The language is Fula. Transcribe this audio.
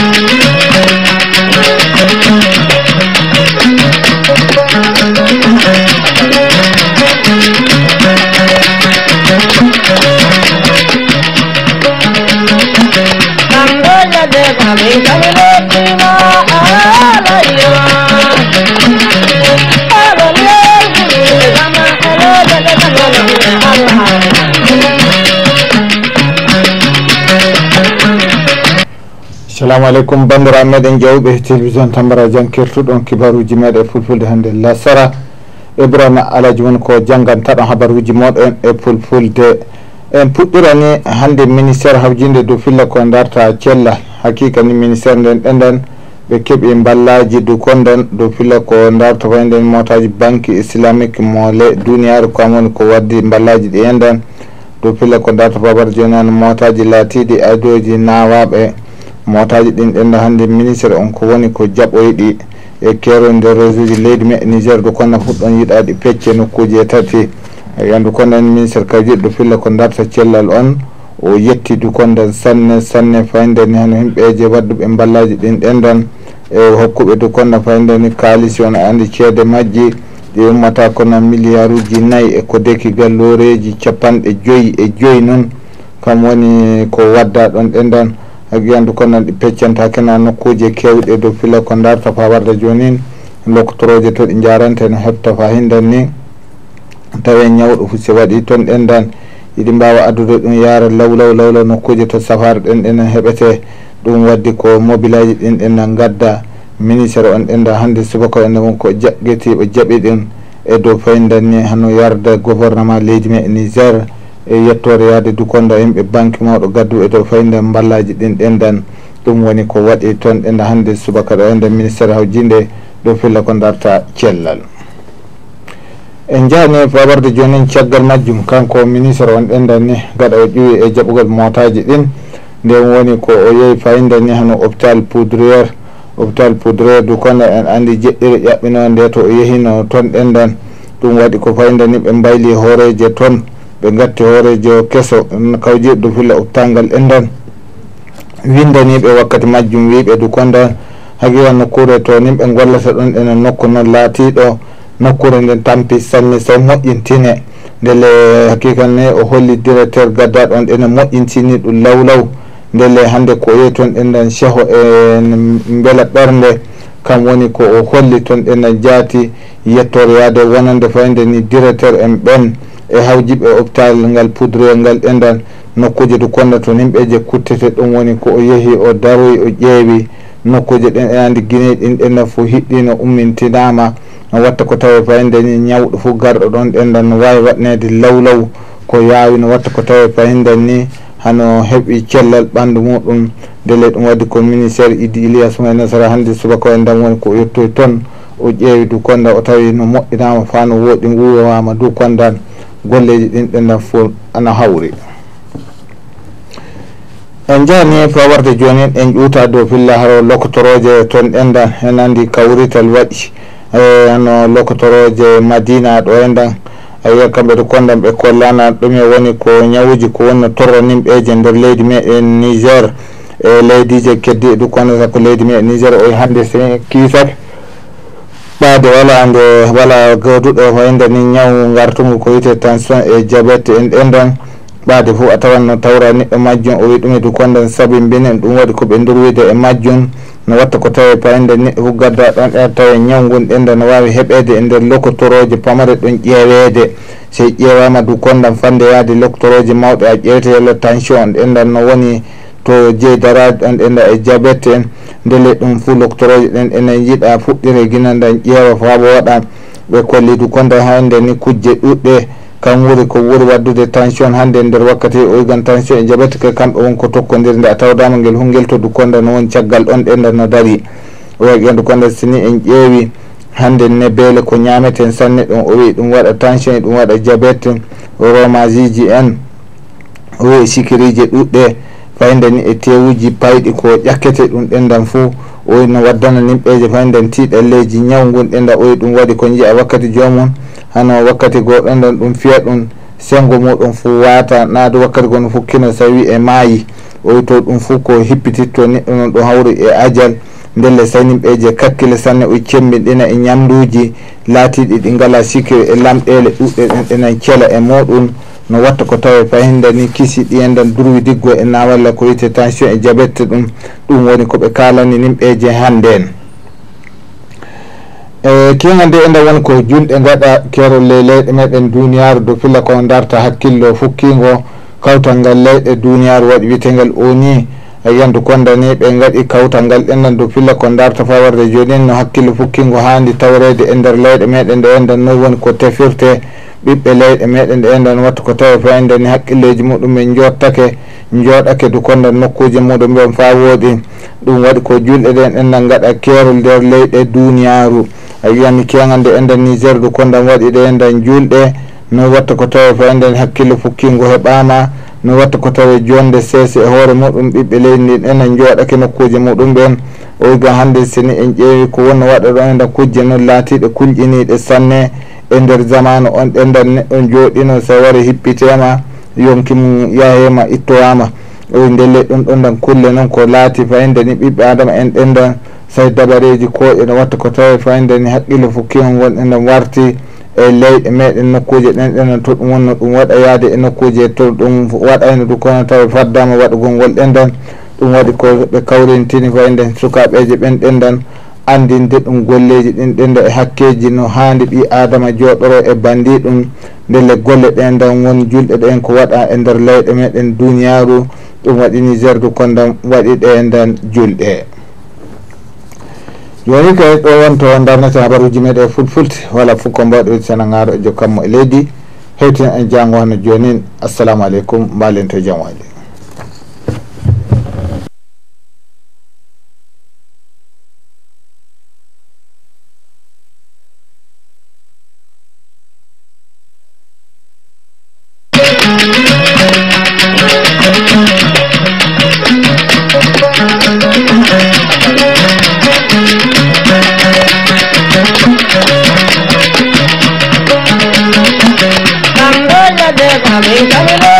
Come, come, come, come, come, come, come, assalamu aleykum bandira meɗen jawɓe télévision tambara jankirtuɗon kibaruji meɗe fulfulde hannde lasara ibrahima alaji mon ko jangantaɗon habaruji moɗon e fulfulde en puɗɗirani hannde ministére hawjinde dow filla ko darta cella hakika ni ministére nden ɗenɗen ɓe keeɓi ballaji du konden dow filla ko darta ko enɗen motaji banque islamique mole duniyare ko amoni ko waddi ballaji ɗi enɗen dow filla ko darta babar jonan motaji laatiɗi e adioji nawaɓe motaji ɗin ɗenda hannde ministre on ko woni ko jaɓoyɗi e kero e nder réseau ji leydi me nigér do konna fuɗɗon yiɗaɗi pecce nokkuji e tati ey andu konnan ministre kajiɗɗo filla ko darta cellal on o yetti dukondan sanne sanne fayde ni hano himɓeje wadduɓe ballaji ɗin ɗendan e hokkuɓe dukonda fayde ni kalisi on andi ceede majji ɗi ummata kono milliard uji nayyi e ko deki galloreji capanɗe joyyi e joyyi noon kam woni ko wadda ɗon ɗendan wiyande konnon ɗi peccantake na nokkuji kewɗe dow fila ko darta fawarde joni lokotoroje to ɗi jarante no hebta fa hindan ni tawi ñawɗo fusi waɗi toon ɗendan yiɗi mbawa addude ɗum yaara lawlaw lawla nokkuji to safare ɗen ɗenen heɓete ɗum waddi ko mobileji ɗin ɗennan gadda ministére on ɗenda hande subaka ene won ko jaɓgetiɓe jaɓi ɗin e dow fayindan ni hano yarda gouvernement leydi me e nigére e yettore yaade dukonda yimɓe banque mawɗo gaddu e dow fayde mballaji ɗin ɗendan ɗum woni ko waɗi toon ɗenda hannde subakara e nden ministére hawjinde ɗo filla ko darta cellal en jaani babarde joni en caggal majjum kanko ministre on ɗendan ni gaɗa o e ƴuwi e jaɓugol motaji ɗin nden woni ko o yehi fayida ni hano hôpital poudriére hôpital poudriére dukonda en andi jeɗɗiri ƴaɓɓino nde to o yehino toon ɗendan ɗum waɗi ko fayida ni ɓe mbayli hooreje toon ɓe gatti hoorejo keso kawjirɗo fulla uttangal endan windaniɓe wakkati majjum wiɓe dukondan hagi wa nokkure to nin ɓe gollata ɗon ene nokku noon laatiɗo nokkure nden tampi sammi so moƴƴintine ndele hakikat ne o holli directeur gadda ɗon ene moƴƴintini ɗum lawlaw ndele hande ko yeyi toon enɗen cheho e, e beela ɓerde kam woni ko o holli toon ene jaati yettore yaade wonande fayde ni directeur en ɓen e hawjiɓe e hopital ngal poudroel ngal ɗendal nokkuje du konda to nimɓeje kuttete ɗum woni ko o yehi o daroyi o ƴeewi nokkuje ɗen eɗandi guinei ɗin ɗenda fo hiɗɗino ummintinama no watta ko tawa payinde ni ñawɗo fo garɗo ɗon ɗendal no wawi waɗnede lawlaw ko yaawi no watta ko tawa payinden ni hano heɓi cellal ɓandu muɗum dele ɗum waddi ko ministére idi ilias mo e nasara hande subaka en dam woni ko yettoy toon o ƴeewi du konda o tawi no moƴƴinama fa no wooɗi nguwowama du kondan golleji ɗin ɗenɗan fo ana hawri en jaani fa warde joni en ƴuuta dow pilla haro lokotoroje toon ɗenɗan en anndi kawrital waɗi e, no lokotoroje madina ɗo e ndan aya kamɓe to kondan ɓe kollana ɗume woni ko ñawuji ko woni no torronimɓeje nder leydi meɗen niger e leydije keddiɗu kono ko leydi meɗen niger o e hannde se kiisat ɓaade wala ande wala gawduɗo o ende ni ñaw gartungu ko wiyte tension e diabete en ɗenɗon ɓaade fo a tawan no tawra neɗɗo majjum o wi ɗum idu konden saabi mbinen ɗum waɗi koɓe ndurwide e majjum no watta ko tawe pa ende neɗɗo fo gadda ɗon ɗen tawa ñaw ngun ɗenɗon no wawi heɓede e nder lokotoroje pamare ɗon ƴeweede se ƴeewama du kondan fande yaade lokotoroje mawɗe a ƴeweteyallo tension on ɗenɗon no woni to jeydara en ena e jabet en ndele ɗum fuu loctoreje ɗen enen yiɗa fuɗɗire guinandan ƴeewa faaɓa waɗa ɓe kollidu konde hande ni kujje ɗuɗɗe kam wuri ko wuri waddude tension hande e nder wakkati e o yigan tension e jaɓete ka kamɓe wonko tokkodiri nde a tawdama ngel hunngel todu konda no woni caggal ɗon ɗenda no dari o wi gendu konda sini en ƴeewi hande ne beele ko ñameten sanne ɗon o wi ɗum waɗa tension e ɗum waɗa jaɓete romage ji en o wi sikirije ɗuɗɗe fayndani e tewuji payɗi ko ƴakkete ɗum ɗendan fo oyno waddana nimɓeje fayndan tiɗalleji ñaw ngun ɗenda oyi ɗum waɗi ko jiya wakkati jomum hano wakkati goɗoɗan ɗum fiya ɗum sengo muɗum fo wata naade wakkati gono fo kino so wi e maayi oyi to ɗum fo ko hippititto neɗɗo non ɗo hawri e adial ndelle sanimɓeje kakkille sanne o cemmiɗina e ñamduji laatiɗi ɗi ngala sikki e lamɗele ɗuɗɗe ɗen ɗenen cela e muɗum no watta ko tawa fayinde ni kisi ɗiyenden durwi diggo e nawalla ko wiyte tension e jabette ɗum ɗum woni koɓe kalani nimɓeje hande en e kiga e nde enda won ko junɗe gaɗa kerol ley leyɗe meɗen duniyaru do filla ko darta hakkillo fukkingo kawtal ngal leyɗe duniyaru waɗi witegal oni yiyandu e kondani ɓe gaɗi kawtal ngal ɗendan do filla ko darta fawarde joni no hakkillo fukkingo handi tawrede e nder leyɗe meɗen nde endan noon woni ko tefirte ɓiɓɓe leyɗe meɗen ɗe ndan wattu ko tawa fayndani haqqilleji muɗum en jottake jooɗake dukondan nokkuji muɗum ɓen fa wooɗi ɗum waɗi ko julɗe ɗen enɗan gaɗa kerol nder leyɗe duniyaru a wiyami kegal nde enɗan nigér dukondan waɗi ɗe ndan julɗe non watta ko tawa fayndani hakkille fukkingo heɓama non watta ko tawa jonde sese e hoore muɗum ɓiɓɓe leydi ndin enen jooɗake nokkuji muɗum ɓen oyga hande seni en ƴeewi ko wonno waɗa ɗon enɗan kujje noon laatiɗe kulƴiniɗe sanne e nder zamanu on ɗendan neɗɗon jooɗino so wari hippitema yonki mum yahema ittowama e nde leɗɗon ɗon ɗan kulle noon ko laati fayinde ni ɓiɓɓe adama en ɗendan sayi dabareji kooƴe no watta ko tawi fayinde ni haqqillo fukki on wonɗe e nan warti e leyɗe meɗen nokkuje ɗen ɗenan to ɗum wonno ɗum waɗa yaade e nokkuje to ɗum waɗayno ɗum kono tawi faddama waɗugol ngol ɗendan ɗum waɗi ko ɓe kawrintini fayinde sukaɓeje ɓen ɗendan andinde ɗum golleji ɗin ɗen ɗo e hakkeji no handi ɓi adama joɗoro e bandi ɗum ndele golle ɗen ɗan woni julɗe ɗen ko waɗa e nder leyɗe meɗen duniyaru ɗum waɗi niger du kondam waɗi ɗe ndan julɗe joni kay ɗo won to darnata habaruji meɗe fulfult wala fof ko mbawɗo wiɗ sana gaaro e, e jokkatmo e leydi hewtina en e jango hono jonin assalamu aleykum mbalen to e jam wali Thank you.